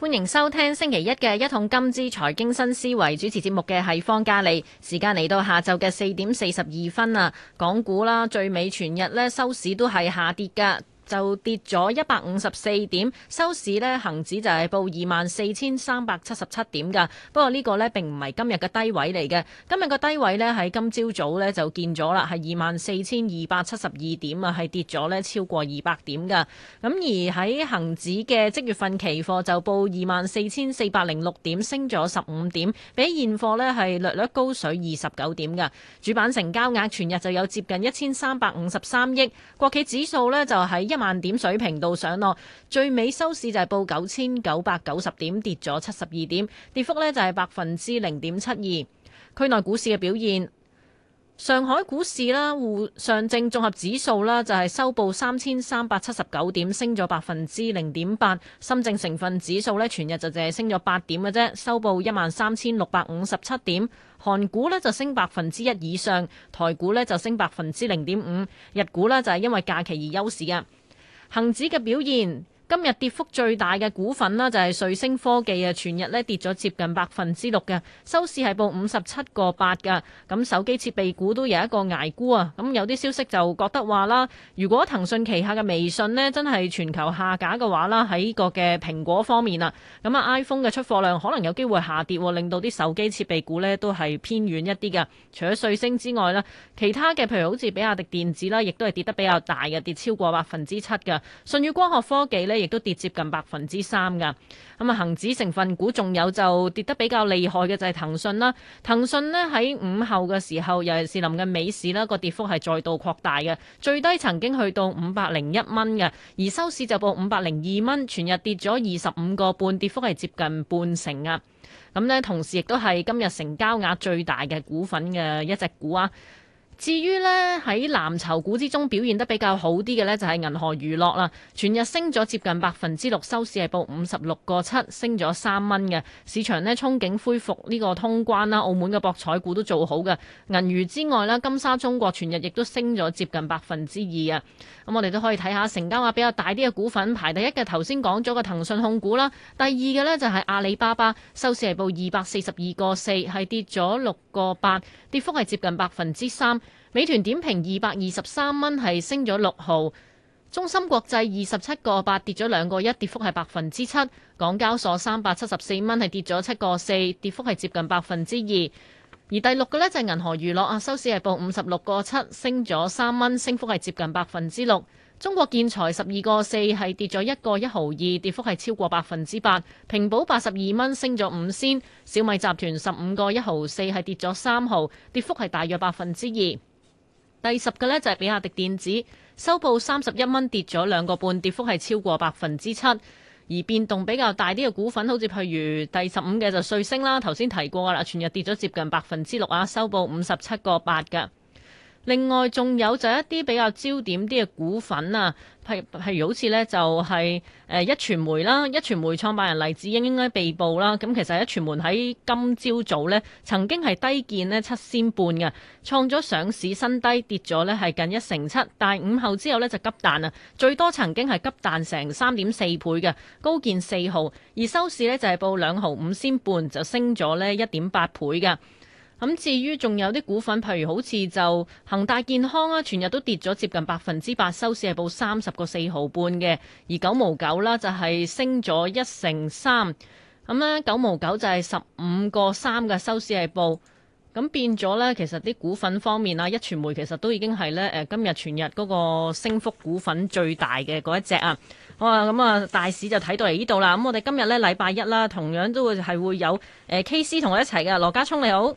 歡迎收聽星期一嘅一桶金之財經新思維，主持節目嘅係方嘉莉，時間嚟到下晝嘅四點四十二分啦，港股啦，最尾全日咧收市都係下跌噶。就跌咗一百五十四點收市咧，恒指就係報二萬四千三百七十七點噶，不過呢個咧並唔係今日嘅低位嚟嘅，今日個低位咧喺今朝早咧就見咗啦，係二萬四千二百七十二點啊，係跌咗咧超過二百點噶，咁而喺恒指嘅即月份期貨就報二萬四千四百零六點，升咗十五點，比現貨咧係略略高水二十九點噶，主板成交額全日就有接近一千三百五十三億，國企指數咧就喺一。萬點水平度上落，最尾收市就係報九千九百九十點，跌咗七十二點，跌幅呢就係百分之零點七二。區內股市嘅表現，上海股市啦，滬上證綜合指數啦就係收報三千三百七十九點，升咗百分之零點八。深證成分指數呢，全日就淨係升咗八點嘅啫，收報一萬三千六百五十七點。韓股呢就升百分之一以上，台股呢就升百分之零點五。日股呢就係因為假期而休市嘅。恒指嘅表現。今日跌幅最大嘅股份啦，就係瑞星科技啊，全日咧跌咗接近百分之六嘅，收市係報五十七個八噶，咁手機設備股都有一個捱沽啊。咁有啲消息就覺得話啦，如果騰訊旗下嘅微信呢，真係全球下架嘅話啦，喺個嘅蘋果方面啊，咁啊 iPhone 嘅出貨量可能有機會下跌，令到啲手機設備股呢都係偏遠一啲嘅。除咗瑞星之外咧，其他嘅譬如好似比亞迪電子啦，亦都係跌得比較大嘅，跌超過百分之七嘅。順宇光學科技呢。亦都跌接近百分之三㗎，咁啊，恒指成分股仲有就跌得比較厲害嘅就係騰訊啦。騰訊咧喺午後嘅時候，尤其是臨嘅尾市啦，個跌幅係再度擴大嘅，最低曾經去到五百零一蚊嘅，而收市就報五百零二蚊，全日跌咗二十五個半，跌幅係接近半成啊。咁咧，同時亦都係今日成交額最大嘅股份嘅一隻股啊。至於呢，喺藍籌股之中表現得比較好啲嘅呢，就係銀河娛樂啦。全日升咗接近百分之六，收市係報五十六個七，升咗三蚊嘅市場呢，憧憬恢復呢個通關啦。澳門嘅博彩股都做好嘅。銀娛之外呢，金沙中國全日亦都升咗接近百分之二啊。咁我哋都可以睇下成交額比較大啲嘅股份，排第一嘅頭先講咗個騰訊控股啦，第二嘅呢就係阿里巴巴，收市係報二百四十二個四，係跌咗六個八，跌幅係接近百分之三。美團點評二百二十三蚊，係升咗六毫；中芯國際二十七個八，跌咗兩個一，跌幅係百分之七。港交所三百七十四蚊，係跌咗七個四，跌幅係接近百分之二。而第六個呢，就係銀河娛樂啊，收市係報五十六個七，升咗三蚊，升幅係接近百分之六。中國建材十二個四係跌咗一個一毫二，跌幅係超過百分之八。平保八十二蚊，升咗五仙，小米集團十五個一毫四係跌咗三毫，跌幅係大約百分之二。第十嘅呢就係比亞迪電子，收報三十一蚊，跌咗兩個半，跌幅係超過百分之七。而變動比較大啲嘅股份，好似譬如第十五嘅就瑞星啦，頭先提過噶啦，全日跌咗接近百分之六啊，收報五十七個八㗎。另外仲有就一啲比較焦點啲嘅股份啊，譬譬如好似呢，就係誒一傳媒啦，一傳媒創辦人黎智英應該被捕啦，咁其實一傳媒喺今朝早呢曾經係低見呢七仙半嘅，創咗上市新低，跌咗呢係近一成七，但係午後之後呢就急彈啊，最多曾經係急彈成三點四倍嘅，高見四毫，而收市呢就係報兩毫五仙半，就升咗呢一點八倍嘅。咁至於仲有啲股份，譬如好似就恒大健康啊，全日都跌咗接近百分之八，收市係報三十個四毫半嘅。而九毛九啦，就係升咗一成三，咁咧九毛九就係十五個三嘅收市係報。咁變咗咧，其實啲股份方面啦，一傳媒其實都已經係咧誒今日全日嗰個升幅股份最大嘅嗰一隻啊。好啊，咁啊大市就睇到嚟呢度啦。咁我哋今日咧禮拜一啦，同樣都會係會有誒 K C 同我一齊嘅，羅家聰你好。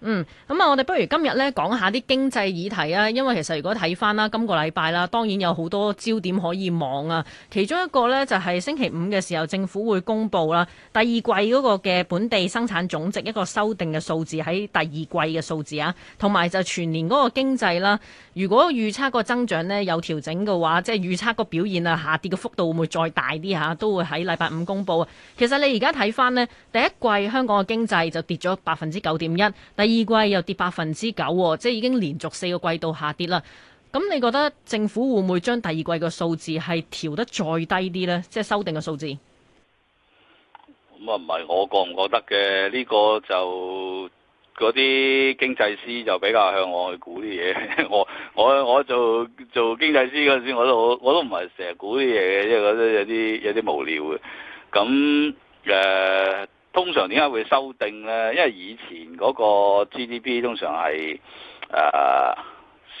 嗯，咁啊，我哋不如今日咧講下啲經濟議題啊，因為其實如果睇翻啦，今個禮拜啦，當然有好多焦點可以望啊。其中一個呢，就係星期五嘅時候，政府會公布啦第二季嗰個嘅本地生產總值一個修訂嘅數字喺第二季嘅數字啊，同埋就全年嗰個經濟啦。如果預測個增長呢有調整嘅話，即係預測個表現啊下跌嘅幅度會唔會再大啲啊？都會喺禮拜五公布啊。其實你而家睇翻呢，第一季香港嘅經濟就跌咗百分之九點一。第二季又跌百分之九，即係已經連續四個季度下跌啦。咁你覺得政府會唔會將第二季嘅數字係調得再低啲呢？即係修訂嘅數字。咁啊，唔係我覺唔覺得嘅呢、這個就嗰啲經濟師就比較向外估啲嘢。我我我做做經濟師嗰陣時，我都我都唔係成日估啲嘢嘅，因為覺得有啲有啲無聊嘅。咁誒。呃通常點解會修訂呢？因為以前嗰個 GDP 通常係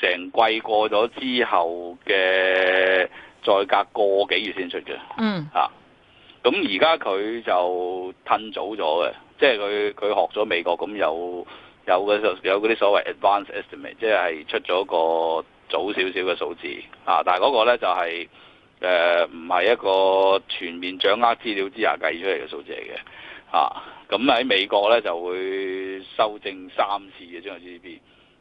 誒成季過咗之後嘅，再隔個幾月先出嘅。嗯，嚇咁而家佢就褪早咗嘅，即係佢佢學咗美國咁有有有嗰啲所謂 advance estimate，即係出咗個早少少嘅數字啊。但係嗰個呢就係誒唔係一個全面掌握資料之下計出嚟嘅數字嚟嘅。啊，咁喺美國咧就會修正三次嘅中國 GDP，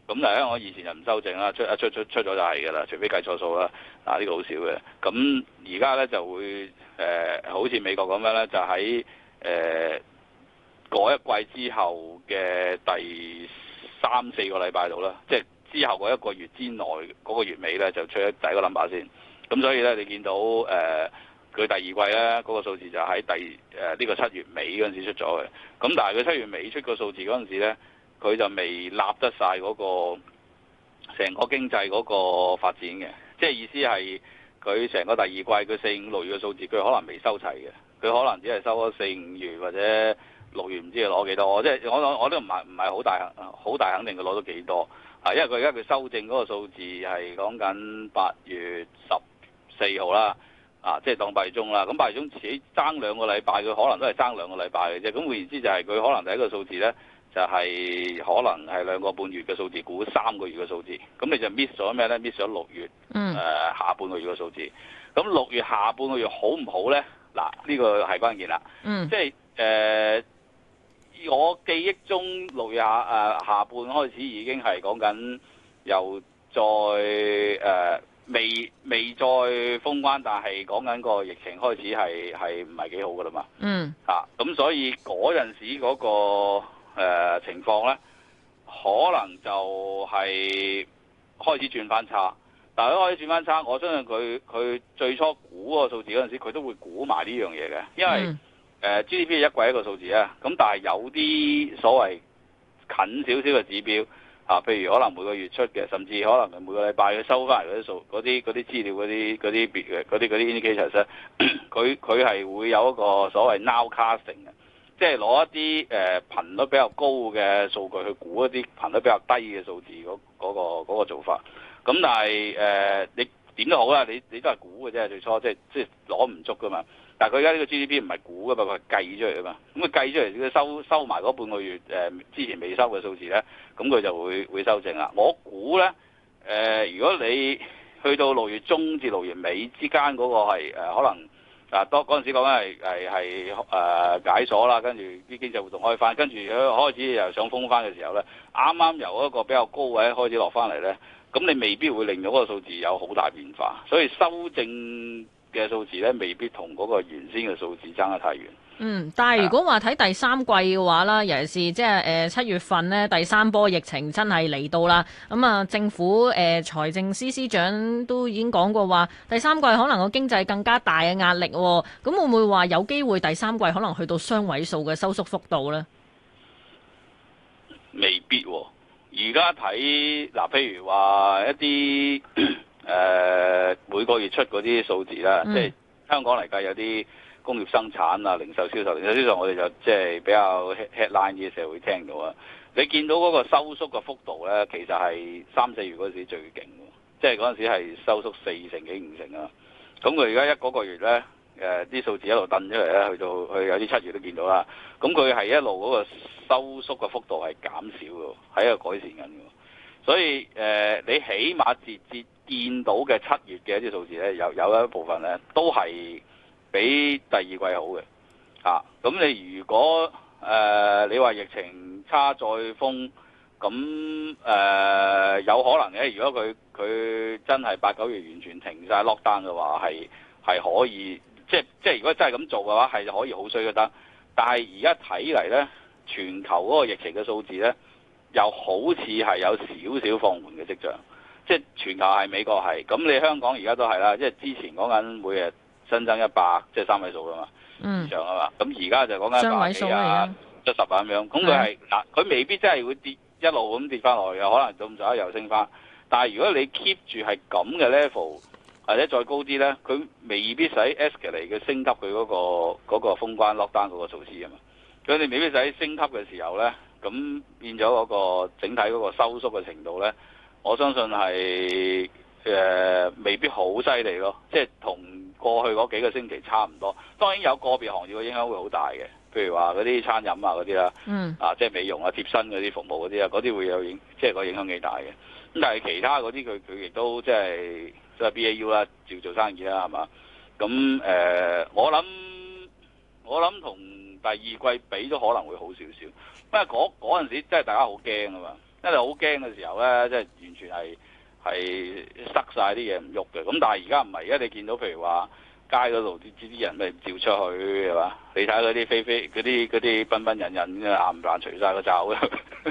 咁但係咧我以前就唔修正啦，出一出出出咗就係㗎啦，除非計錯數啦，嗱、啊、呢、呢個好少嘅，咁而家咧就會誒、呃、好似美國咁樣咧，就喺誒、呃、一季之後嘅第三四個禮拜度啦，即係之後嗰一個月之內嗰、嗰個月尾咧就出第一個 number 先，咁所以咧你見到誒。呃佢第二季咧，嗰個數字就喺第誒呢個七月尾嗰陣時出咗嘅。咁但係佢七月尾出個數字嗰陣時咧，佢就未立得晒嗰個成個經濟嗰個發展嘅。即係意思係佢成個第二季佢四五六月嘅數字，佢可能未收齊嘅。佢可能只係收咗四五月或者六月，唔知攞幾多。即係我我我都唔係唔係好大好大肯定佢攞到幾多啊？因為佢而家佢修正嗰個數字係講緊八月十四號啦。啊，即係當八月中啦，咁八月中自己爭兩個禮拜，佢可能都係爭兩個禮拜嘅啫。咁換言之，就係佢可能第一個數字咧，就係、是、可能係兩個半月嘅數字，估三個月嘅數字。咁你就 miss 咗咩咧？miss 咗六月，誒、呃、下半個月嘅數字。咁六月下半個月好唔好咧？嗱，呢、這個係關鍵啦。嗯、即係誒、呃，我記憶中六月下誒、呃、下半開始已經係講緊又再誒。呃未未再封關，但係講緊個疫情開始係係唔係幾好噶啦嘛？嗯，吓咁、啊、所以嗰陣時嗰、嗰個誒、呃、情況咧，可能就係開始轉翻差。但係一開始轉翻差，我相信佢佢最初估個數字嗰陣時，佢都會估埋呢樣嘢嘅，因為誒、嗯呃、GDP 一季一個數字啊。咁但係有啲所謂近少少嘅指標。啊，譬如可能每個月出嘅，甚至可能係每個禮拜佢收翻嚟啲數、嗰啲啲資料、嗰啲啲別嘅、嗰啲啲 indicator 咧，佢佢係會有一個所謂 nowcasting 嘅，即係攞一啲誒、呃、頻率比較高嘅數據去估一啲頻率比較低嘅數字嗰嗰、嗰個嗰個做法。咁但係誒、呃、你。點都好啦，你你都係估嘅啫，最初即係即係攞唔足噶嘛。但係佢而家呢個 GDP 唔係估噶嘛，佢、嗯、係計出嚟噶嘛。咁佢計出嚟，如果收收埋嗰半個月誒、呃、之前未收嘅數字咧，咁、嗯、佢就會會修正啦。我估咧誒，如果你去到六月中至六月尾之間嗰個係、呃、可能啊多嗰陣時講緊係係係解鎖啦，跟住啲經濟活動開翻，跟住開始又想封翻嘅時候咧，啱啱由一個比較高位開始落翻嚟咧。咁你未必會令到嗰個數字有好大變化，所以修正嘅數字咧，未必同嗰個原先嘅數字差得太遠。嗯，但係如果話睇第三季嘅話啦，尤其是即係誒七月份呢，第三波疫情真係嚟到啦。咁啊，政府誒、呃、財政司司長都已經講過話，第三季可能個經濟更加大嘅壓力、哦。咁會唔會話有機會第三季可能去到雙位數嘅收縮幅度呢？未必喎、哦。而家睇嗱，譬如話一啲誒每個月出嗰啲數字啦，嗯、即係香港嚟計有啲工業生產啊、零售銷售，零售銷售我哋就即係比較 headline 嘅時候會聽到啊。你見到嗰個收縮嘅幅度咧，其實係三四月嗰時最勁，即係嗰陣時係收縮四成幾五成啊。咁佢而家一個月咧。誒啲、呃、數字一路掄出嚟咧，去到去有啲七月都見到啦。咁佢係一路嗰個收縮嘅幅度係減少嘅，喺度改善緊嘅。所以誒、呃，你起碼直接見到嘅七月嘅一啲數字咧，有有一部分咧都係比第二季好嘅。嚇、啊，咁、嗯、你如果誒你話、呃、疫情差再封，咁誒、呃、有可能嘅。如果佢佢真係八九月完全停晒 lock down 嘅話，係係可以。即係即係，如果真係咁做嘅話，係可以好衰都得。但係而家睇嚟咧，全球嗰個疫情嘅數字咧，又好似係有少少放緩嘅跡象。即係全球係美國係，咁你香港而家都係啦。即係之前講緊每日新增一百，即係三位數㗎嘛，以上啊嘛。咁而家就講緊百幾啊、七十啊咁樣。咁佢係嗱，佢的未必真係會跌，一路咁跌翻落去，有可能咁唔時又升翻。但係如果你 keep 住係咁嘅 level，或者再高啲咧，佢未必使 escalate 佢升級佢嗰個嗰個封關 lockdown 嗰個措施啊嘛。佢哋未必使升級嘅時候咧，咁變咗嗰個整體嗰個收縮嘅程度咧，我相信係誒、呃、未必好犀利咯。即係同過去嗰幾個星期差唔多。當然有個別行業嘅影響會好大嘅，譬如話嗰啲餐飲啊嗰啲啦，嗯啊，即係美容啊貼身嗰啲服務嗰啲啊，嗰啲會有影，即係個影響幾大嘅。咁但係其他嗰啲佢佢亦都即係。即係 B A U 啦，照做生意啦，係嘛？咁誒、呃，我諗我諗同第二季比都可能會好少少，不過嗰嗰陣時真係大家好驚啊嘛，因為好驚嘅時候咧，即係完全係係塞晒啲嘢唔喐嘅。咁但係而家唔係，而家你見到譬如話街嗰度啲啲人咪照出去係嘛？你睇嗰啲飛飛、嗰啲嗰啲奔奔人人，咁啊硬硬除晒個罩啊！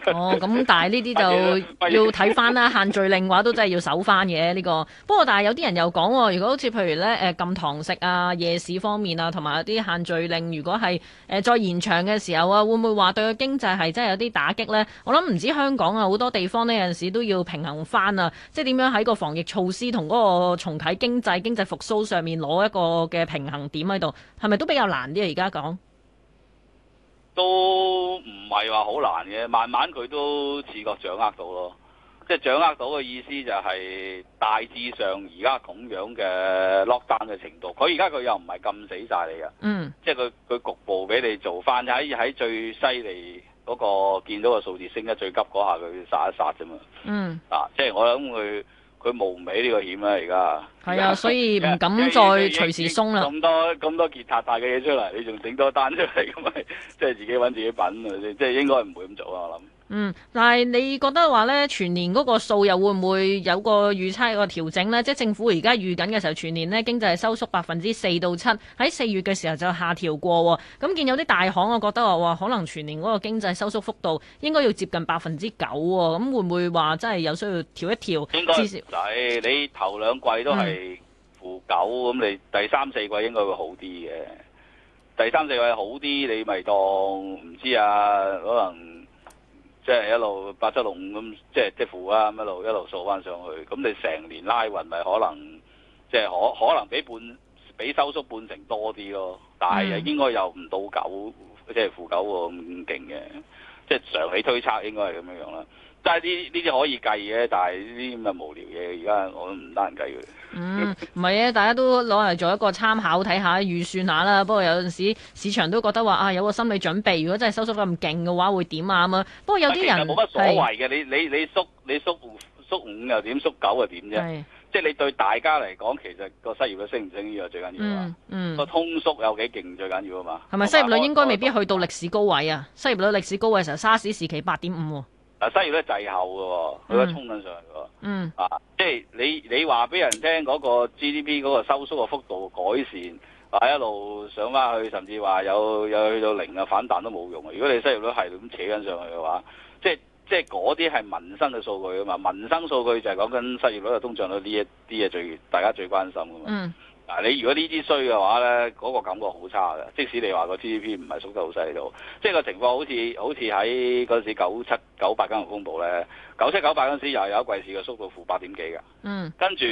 哦，咁但係呢啲就要睇翻啦， 限聚令話都真係要守翻嘅呢個。不過但係有啲人又講喎，如果好似譬如咧誒禁堂食啊、夜市方面啊，同埋啲限聚令，如果係誒再延長嘅時候啊，會唔會話對個經濟係真係有啲打擊咧？我諗唔止香港啊好多地方呢，有陣時都要平衡翻啊，即係點樣喺個防疫措施同嗰個重啟經濟、經濟復甦上面攞一個嘅平衡點喺度，係咪都比較難啲啊？而家講都唔係話好難嘅，慢慢佢都自覺掌握到咯。即係掌握到嘅意思就係大致上而家咁樣嘅 lockdown 嘅程度。佢而家佢又唔係咁死晒你噶，嗯、mm.，即係佢佢局部俾你做，翻喺喺最犀利嗰個見到個數字升得最急嗰下殺殺，佢殺一殺啫嘛，嗯，啊，即係我諗佢。佢無尾呢個險啊！而家係啊，所以唔敢再隨時鬆啦。咁多咁多件塌大嘅嘢出嚟，你仲整多單出嚟，咁咪即係自己搵自己笨啊！即係應該唔會咁做啊！我諗。嗯，但係你覺得話呢全年嗰個數又會唔會有個預測個調整呢？即係政府而家預緊嘅時候，全年呢經濟收縮百分之四到七，喺四月嘅時候就下調過，哦。咁，嗯、見有啲大行，我覺得話，可能全年嗰個經濟收縮幅度應該要接近百分之九。咁，哦嗯、會唔會話真係有需要調一調？應該。至少，你頭兩季都係負九，咁你第三四季應該會好啲嘅。第三四季好啲，你咪當唔知啊？可能。即係一路八七六五咁，即係即係負啊一路一路掃翻上去，咁你成年拉運咪可能即係、就是、可可能比半比收縮半成多啲咯，但係應該有唔到九即係負九喎咁勁嘅，即、就、係、是、長期推測應該係咁樣樣啦。即係呢呢啲可以計嘅，但係呢啲咁嘅無聊嘢。而家我都唔得閒計佢嗯，唔係啊，大家都攞嚟做一個參考睇下，預算下啦。不過有陣時市場都覺得話啊，有個心理準備。如果真係收縮咁勁嘅話，會點啊啊。不過有啲人冇乜所謂嘅是。你你縮你縮你縮，縮五又點，縮九又點啫。是即係你對大家嚟講，其實個失業率升唔升呢個最緊要啊、嗯。嗯，個通縮有幾勁最緊要啊嘛。係咪嗎失業率應該未必去到歷史高位啊？失業率歷史高位嘅時候，沙士時期八點五。嗱，失業率係滯後㗎喎，佢都衝緊上嚟㗎喎，啊，即係你你話俾人聽嗰個 GDP 嗰個收縮嘅幅度改善，話一路上翻去，甚至話有有去到零啊反彈都冇用啊！如果你失業率係咁扯緊上去嘅話，即係即係嗰啲係民生嘅數據啊嘛，民生數據就係講緊失業率啊，通脹率呢一啲嘢最大家最關心嘅嘛。Mm. 嗱，你如果呢啲衰嘅話咧，嗰個感覺好差嘅。即使你話個 GDP 唔係縮得好細度，即係個情況好似好似喺嗰陣時九七九八金融風暴咧，九七九八嗰陣時又有一季市嘅縮到負八點幾嘅。嗯，跟住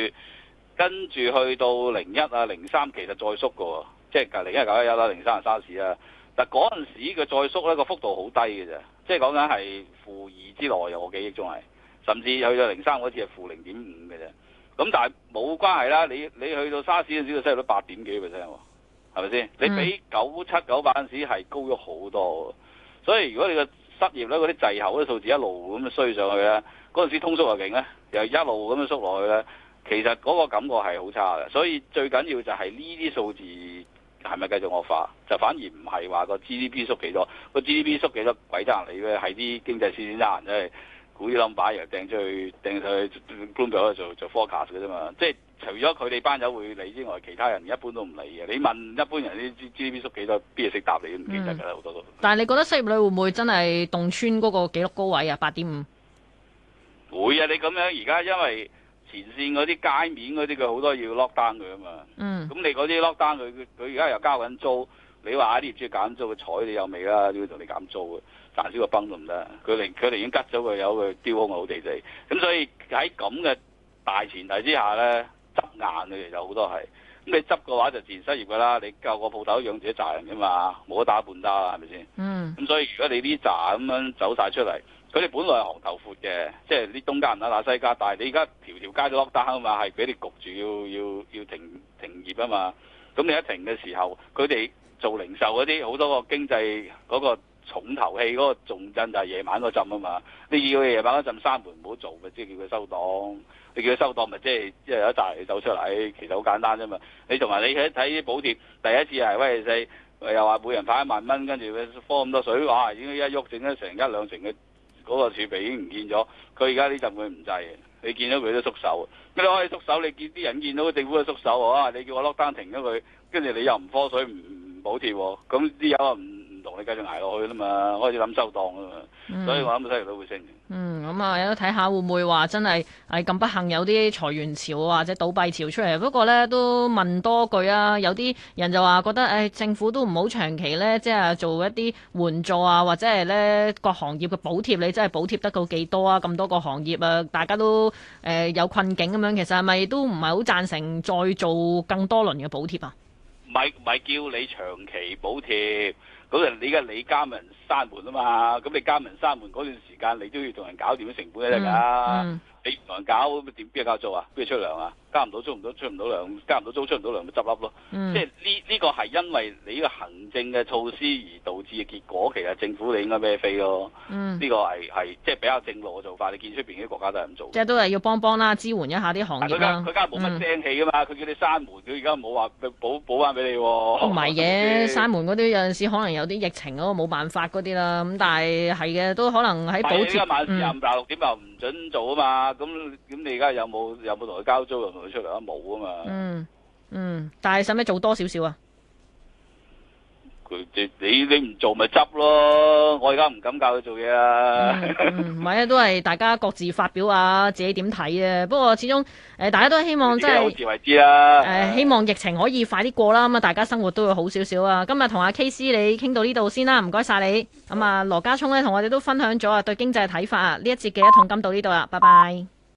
跟住去到零一啊零三，其實再縮嘅喎，即係零一九一一啦，零三係沙士啊。但係嗰陣時佢再縮咧個幅度好低嘅啫，即係講緊係負二之內我記憶中係，甚至去到零三嗰次係負零點五嘅啫。咁但係冇關係啦，你你去到沙士嗰陣時，個失業率八點幾 percent 喎，係咪先？你比九七九八嗰陣時係高咗好多。所以如果你個失業率、嗰啲滯後啲數字一路咁樣衰上去咧，嗰陣時通縮又勁咧，又一路咁樣縮落去咧，其實嗰個感覺係好差嘅。所以最緊要就係呢啲數字係咪繼續惡化，就反而唔係話個 GDP 縮幾多，個 GDP 縮幾多鬼得閒嚟嘅，係啲經濟師先得閒，真係。啲 number，又掟出去，掟上去，group 咗就做，做 forecast 嘅啫嘛。即係除咗佢哋班友會嚟之外，其他人一般都唔嚟嘅。你問一般人啲知知 GDP 縮幾多，邊嘢識答你都唔記得㗎啦，好、嗯、多都。但係你覺得失業率會唔會真係洞穿嗰個記錄高位啊？八點五會啊！你咁樣而家因為前線嗰啲街面嗰啲，佢好多要 lock down 佢啊嘛。嗯。咁你嗰啲 lock down 佢，佢而家又交緊租。你話啲業主要減租，佢睬你有味啦，都要同你減租嘅。賺少個崩都唔得，佢哋佢哋已經吉咗佢有一個丟空嘅好地地，咁所以喺咁嘅大前提之下咧，執硬嘅其實好多係，咁你執嘅話就自然失業噶啦，你夠個鋪頭養住一扎人噶嘛，冇得打半打啊，係咪先？嗯，咁所以如果你呢扎咁樣走晒出嚟，佢哋本來係行頭闊嘅，即係啲東家唔打、啊、西家，但係你而家條條街都落單啊嘛，係俾你焗住要要要停停業啊嘛，咁你一停嘅時候，佢哋做零售嗰啲好多個經濟嗰、嗰個。重頭戲嗰個重鎮就係夜晚嗰陣啊嘛，你，你要佢夜晚嗰陣閂門唔好做嘅，即係叫佢收檔，你叫佢收檔咪即係即係有一扎走出嚟，其實好簡單啫嘛。你同埋你睇睇啲補貼，第一次係喂，二四，又話每人派一萬蚊，跟住佢科咁多水，哇！已經一喐，整咗成一兩成嘅嗰個儲備已經唔見咗。佢而家呢陣佢唔制嘅。你見到佢都縮手，你開縮手，你見啲人見到政府都縮手啊！你叫我 lock down 停咗佢，跟住你又唔科水，唔唔補貼，咁啲人唔～你繼續捱落去啦嘛，開始諗收檔啊嘛，嗯、所以我諗唔使嚟會升嘅、嗯。嗯，咁啊，有得睇下會唔會話真係係咁不幸有啲裁員潮或者倒閉潮出嚟。不過咧都問多句啊，有啲人就話覺得誒、哎、政府都唔好長期咧，即、就、係、是、做一啲援助啊，或者係咧各行業嘅補貼，你真係補貼得到幾多啊？咁多個行業啊，大家都誒、呃、有困境咁樣，其實係咪都唔係好贊成再做更多輪嘅補貼啊？唔係，唔係叫你長期補貼。嗰陣你而家你加盟閂門啊嘛，咁你加盟閂門嗰段時間，你都要同人搞掂啲成本嘅得噶。嗯嗯你唔量交咁咪點？邊有交租啊？邊有出糧啊？交唔到租唔到，出唔到糧，交唔到租出唔到糧咪執笠咯。嗯、即係呢呢個係因為你呢個行政嘅措施而導致嘅結果。其實政府你應該孭飛咯。呢、嗯、個係係即係比較正路嘅做法。你見出面啲國家都係咁做。即係都係要幫幫啦，支援一下啲行業佢家佢冇乜聲氣㗎嘛？佢、嗯、叫你閂門，佢而家冇話補補翻俾你、啊。唔係嘅，閂 門嗰啲有陣時可能有啲疫情嗰個冇辦法嗰啲啦。咁但係係嘅，都可能喺補貼。是嗯。准做啊嘛？咁咁你而家有冇有冇同佢交租又同佢出嚟啊？冇啊嘛。嗯嗯，但係使唔使做多少少啊？你你唔做咪執咯，我而家唔敢教佢做嘢啊！唔係啊，都係大家各自發表下自己點睇啊。不過始終誒、呃，大家都希望即係好自為之啦、啊。誒、呃，希望疫情可以快啲過啦。咁啊，大家生活都會好少少啊。今日同阿 KC 你傾到呢度先啦，唔該晒你。咁啊，羅家聰咧同我哋都分享咗啊，對經濟嘅睇法啊，呢一節嘅一桶金到呢度啦，拜拜。